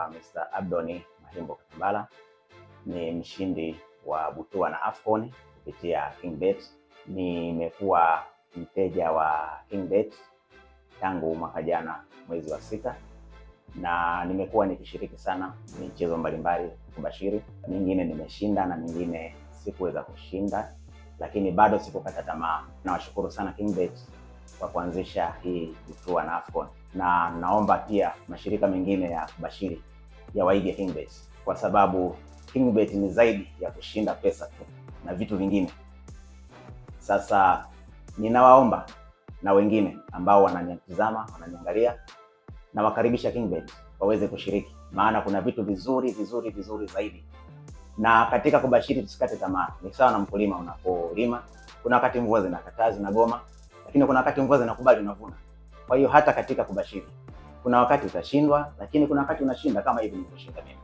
anaitwa Mr. Abdon Mahimbo Katambala, ni mshindi wa Butua na Afcon kupitia KingBet. Nimekuwa mteja wa KingBet tangu mwaka jana mwezi wa sita, na nimekuwa nikishiriki sana michezo mbalimbali kubashiri, mingine nimeshinda na mingine sikuweza kushinda, lakini bado sikukata tamaa. Nawashukuru sana KingBet kwa kuanzisha hii kutua na AFCON, na naomba pia mashirika mengine ya kubashiri ya waige KingBet, kwa sababu KingBet ni zaidi ya kushinda pesa tu na vitu vingine. Sasa ninawaomba na wengine ambao wananitazama, wananiangalia, nawakaribisha KingBet waweze kushiriki, maana kuna vitu vizuri vizuri vizuri zaidi. Na katika kubashiri tusikate tamaa. Ni sawa na mkulima unapolima, kuna wakati mvua zinakataa zinagoma, lakini kuna wakati mvua zinakubali unavuna. Kwa hiyo hata katika kubashiri kuna wakati utashindwa, lakini kuna wakati unashinda kama hivi nilivyoshinda mimi.